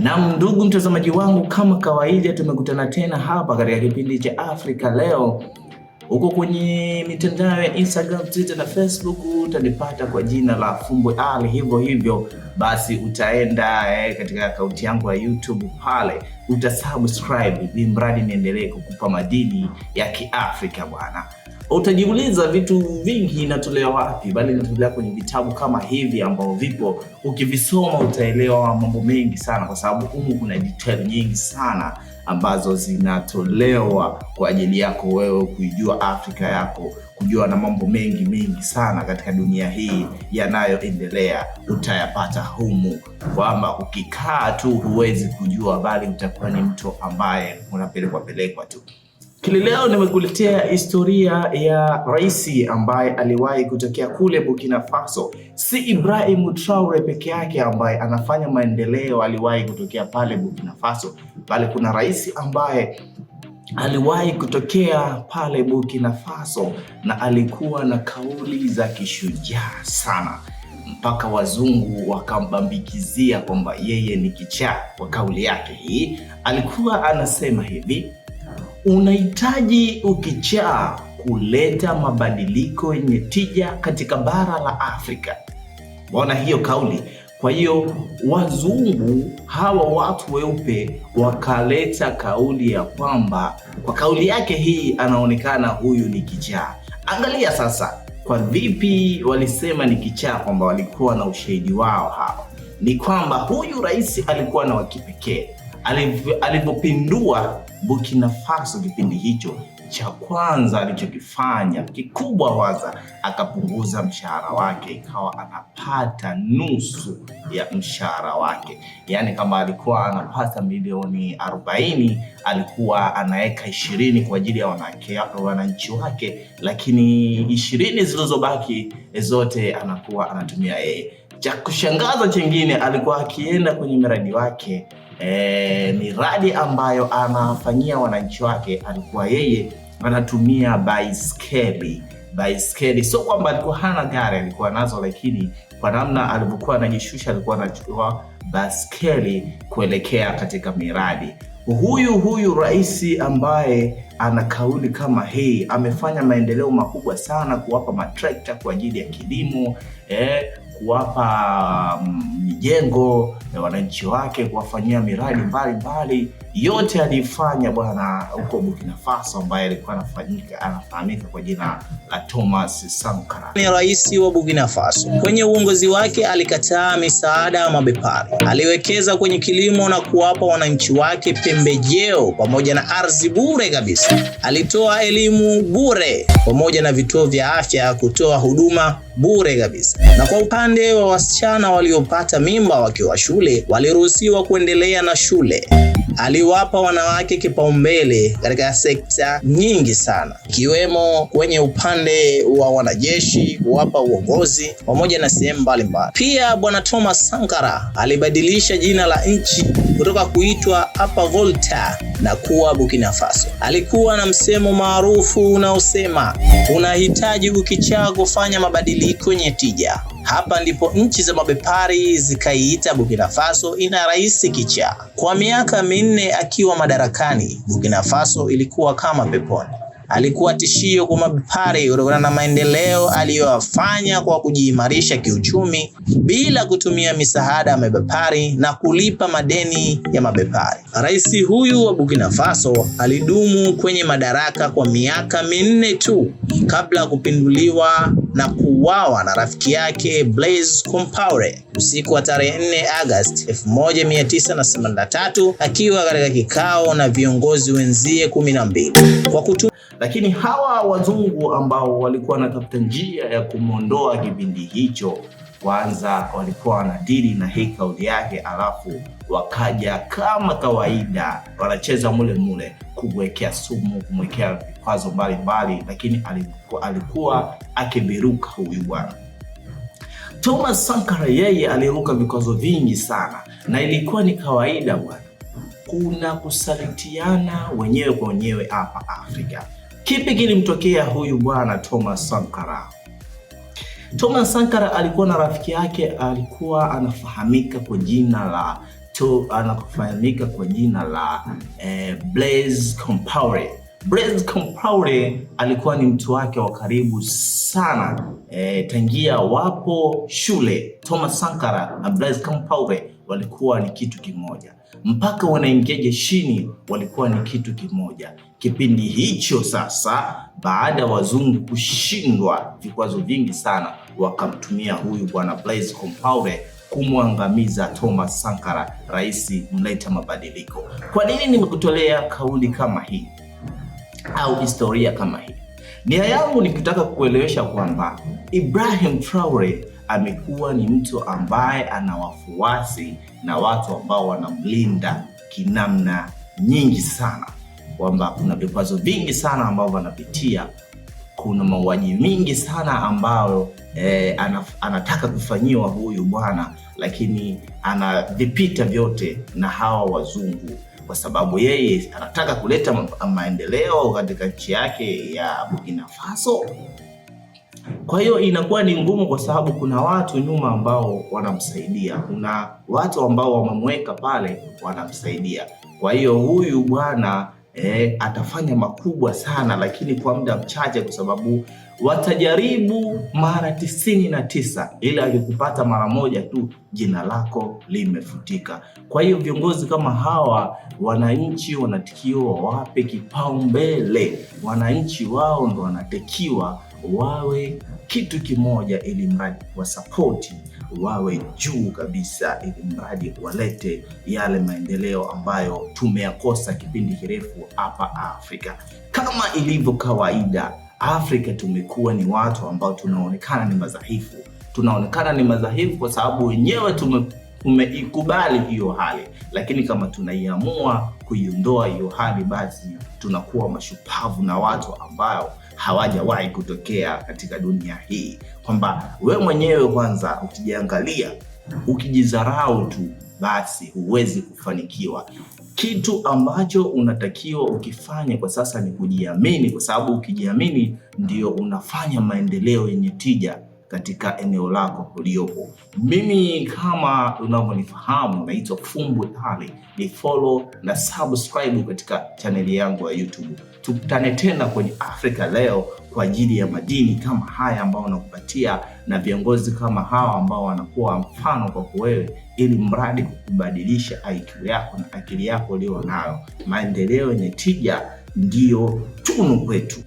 Na ndugu mtazamaji wangu, kama kawaida, tumekutana tena hapa katika kipindi cha Afrika Leo. Huko kwenye mitandao ya Instagram, Twitter na Facebook utanipata kwa jina la Fumbwe Ali hivyo hivyo. Basi utaenda eh, katika akaunti yangu ya YouTube pale utasubscribe ili mradi niendelee kukupa madini ya Kiafrika bwana. Utajiuliza vitu vingi inatolewa wapi, bali inatolewa kwenye vitabu kama hivi ambao vipo. Ukivisoma utaelewa mambo mengi sana, kwa sababu humu kuna detail nyingi sana ambazo zinatolewa kwa ajili yako wewe kuijua Afrika yako kujua na mambo mengi mengi sana katika dunia hii yanayoendelea utayapata humu, kwamba ukikaa tu huwezi kujua, bali utakuwa ni mtu ambaye unapelekwa pelekwa tu. Kili leo nimekuletea historia ya rais ambaye aliwahi kutokea kule Burkina Faso. Si Ibrahim traure peke yake ambaye anafanya maendeleo aliwahi kutokea pale Burkina Faso, bali kuna rais ambaye aliwahi kutokea pale Burkina Faso na alikuwa na kauli za kishujaa sana mpaka wazungu wakambambikizia kwamba yeye ni kichaa kwa kauli yake hii. Alikuwa anasema hivi, unahitaji ukichaa kuleta mabadiliko yenye tija katika bara la Afrika. Mbona hiyo kauli kwa hiyo wazungu hawa watu weupe wakaleta kauli ya kwamba, kwa kauli yake hii anaonekana huyu ni kichaa. Angalia sasa, kwa vipi walisema ni kichaa? Kwamba walikuwa na ushahidi wao hapa, ni kwamba huyu rais alikuwa na wakipekee alivyopindua Burkina Faso kipindi hicho cha kwanza alichokifanya kikubwa, kwanza akapunguza mshahara wake, ikawa anapata nusu ya mshahara wake. Yaani kama alikuwa anapata milioni 40 alikuwa anaweka ishirini kwa ajili ya wanawake wananchi wake, lakini ishirini zilizobaki eh, zote anakuwa anatumia yeye. Cha kushangaza chengine, alikuwa akienda kwenye mradi wake eh, miradi ambayo anafanyia wananchi wake, alikuwa yeye anatumia baiskeli baiskeli. Sio kwamba alikuwa hana gari, alikuwa nazo, lakini kwa namna alivyokuwa anajishusha, alikuwa anachukua baiskeli kuelekea katika miradi. Huyu huyu rais ambaye ana kauli kama hii amefanya maendeleo makubwa sana, kuwapa matrekta kwa ajili ya kilimo eh, kuwapa mm, mijengo um, wananchi wake, kuwafanyia miradi mbalimbali yote aliyofanya bwana huko Burkina Faso, ambaye alikuwa anafanyika anafahamika kwa jina la Thomas Sankara. Ni rais wa Burkina Faso. Kwenye uongozi wake alikataa misaada ya mabepari, aliwekeza kwenye kilimo na kuwapa wananchi wake pembejeo pamoja na ardhi bure kabisa. Alitoa elimu bure pamoja na vituo vya afya kutoa huduma bure kabisa. Na kwa upande wa wasichana waliopata mimba wakiwa shule, waliruhusiwa kuendelea na shule aliwapa wanawake kipaumbele katika sekta nyingi sana, ikiwemo kwenye upande wa wanajeshi, kuwapa uongozi pamoja na sehemu mbalimbali. Pia Bwana Thomas Sankara alibadilisha jina la nchi kutoka kuitwa hapa Volta na kuwa Burkina Faso. Alikuwa na msemo maarufu unaosema unahitaji ukichaa kufanya fanya mabadiliko yenye tija. Hapa ndipo nchi za mabepari zikaiita Burkina Faso ina rais kichaa. Kwa miaka minne akiwa madarakani, Burkina Faso ilikuwa kama peponi alikuwa tishio kwa mabepari kutokana na maendeleo aliyoyafanya kwa kujiimarisha kiuchumi bila kutumia misaada ya mabepari na kulipa madeni ya mabepari. Rais huyu wa Burkina Faso alidumu kwenye madaraka kwa miaka minne tu kabla ya kupinduliwa na kuuawa na rafiki yake Blaise Compaore usiku wa tarehe 4 Agosti 1983 akiwa katika kikao na viongozi wenzie 12 kwa kutumia lakini hawa wazungu ambao walikuwa wanatafuta njia ya kumwondoa kipindi hicho, kwanza walikuwa wanadili na hii kauli yake, alafu wakaja kama kawaida, wanacheza mule mule kumwekea sumu, kumwekea vikwazo mbalimbali, lakini alikuwa, alikuwa huyu bwana Thomas Sankara. Yeye aliruka vikwazo vingi sana, na ilikuwa ni kawaida bwana, kuna kusalitiana wenyewe kwa wenyewe hapa Afrika. Kipi kilimtokea huyu bwana Thomas Sankara? Thomas Sankara alikuwa na rafiki yake, alikuwa anafahamika kwa jina la to, anafahamika kwa jina la eh, Blaise Compaore. Blaise Compaore alikuwa ni mtu wake wa karibu sana eh, tangia wapo shule. Thomas Sankara na Blaise Compaore walikuwa ni kitu kimoja mpaka wanaingia jeshini walikuwa ni kitu kimoja. Kipindi hicho sasa, baada ya wazungu kushindwa vikwazo vingi sana, wakamtumia huyu bwana Blaise Compaore kumwangamiza Thomas Sankara, rais mleta mabadiliko. Kwa nini nimekutolea kauli kama hii au historia kama hii? Nia yangu kutaka kuelewesha kwamba Ibrahim Traore amekuwa ni mtu ambaye ana wafuasi na watu ambao wanamlinda kinamna nyingi sana, kwamba kuna vikwazo vingi sana ambavyo wanapitia, kuna mauaji mingi sana ambayo eh, anaf, anataka kufanyiwa huyu bwana, lakini anavipita vyote na hawa wazungu kwa sababu yeye anataka kuleta maendeleo katika nchi yake ya Burkina Faso kwa hiyo inakuwa ni ngumu kwa sababu kuna watu nyuma ambao wanamsaidia, kuna watu ambao wamemweka pale wanamsaidia. Kwa hiyo huyu bwana e, atafanya makubwa sana, lakini kwa muda mchache, kwa sababu watajaribu mara tisini na tisa ili akikupata mara moja tu jina lako limefutika. Kwa hiyo viongozi kama hawa, wananchi wanatikiwa wawape kipaumbele, wananchi wao ndo wanatakiwa wawe kitu kimoja, ili mradi wasapoti, wawe juu kabisa, ili mradi walete yale maendeleo ambayo tumeyakosa kipindi kirefu hapa Afrika. Kama ilivyo kawaida, Afrika tumekuwa ni watu ambao tunaonekana ni madhaifu, tunaonekana ni madhaifu kwa sababu wenyewe tume tumeikubali hiyo hali, lakini kama tunaiamua kuiondoa hiyo hali, basi tunakuwa mashupavu na watu ambao hawajawahi kutokea katika dunia hii, kwamba we mwenyewe kwanza ukijiangalia, ukijidharau tu, basi huwezi kufanikiwa. Kitu ambacho unatakiwa ukifanye kwa sasa ni kujiamini, kwa sababu ukijiamini ndio unafanya maendeleo yenye tija katika eneo lako uliopo. Mimi kama unavyonifahamu, naitwa Fumbwe Ali, ni follow na subscribe katika chaneli yangu ya YouTube. Tukutane tena kwenye Afrika Leo kwa ajili ya madini kama haya ambao unakupatia na viongozi kama hawa ambao wanakuwa mfano kwako wewe, ili mradi kukubadilisha IQ yako na akili yako ulio nayo. Maendeleo yenye tija ndiyo tunu kwetu.